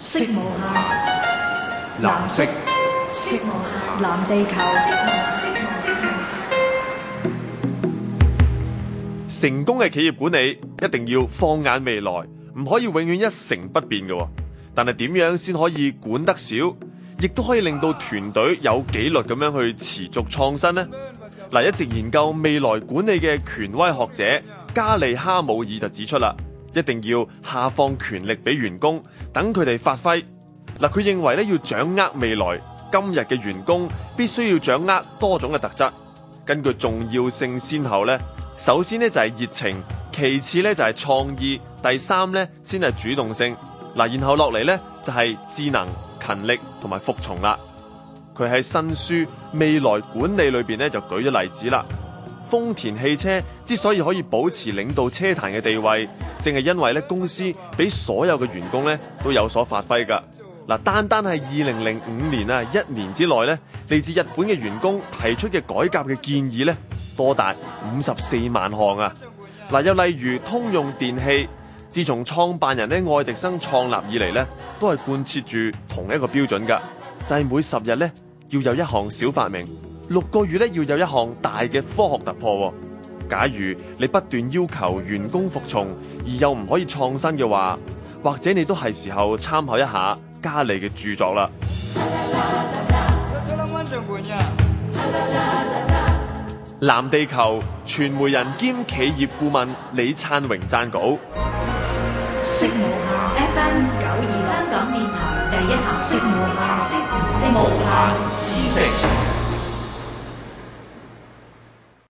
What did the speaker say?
色無限，藍色，色無限，藍地球。成功嘅企業管理一定要放眼未來，唔可以永遠一成不變嘅。但係點樣先可以管得少，亦都可以令到團隊有紀律咁樣去持續創新呢？嗱，一直研究未來管理嘅權威學者加利哈姆爾就指出啦。一定要下放權力俾員工，等佢哋發揮。嗱，佢認為咧，要掌握未來今日嘅員工，必須要掌握多種嘅特質。根據重要性先後咧，首先咧就係熱情，其次咧就係創意，第三咧先係主動性。嗱，然後落嚟咧就係智能、勤力、同埋服從啦。佢喺新書《未來管理》裏邊咧就舉咗例子啦。豐田汽車之所以可以保持領導車壇嘅地位。正係因為咧，公司俾所有嘅員工咧都有所發揮噶。嗱，單單係二零零五年啊，一年之內咧，來自日本嘅員工提出嘅改革嘅建議咧，多達五十四萬項啊。嗱，又例如通用電器，自從創辦人咧愛迪生創立以嚟咧，都係貫徹住同一個標準噶，就係、是、每十日咧要有一項小發明，六個月咧要有一項大嘅科學突破。假如你不斷要求員工服從，而又唔可以創新嘅話，或者你都係時候參考一下加利嘅著作啦，啦，啦，啦。藍地球，傳媒人兼企業顧問李燦榮撰稿。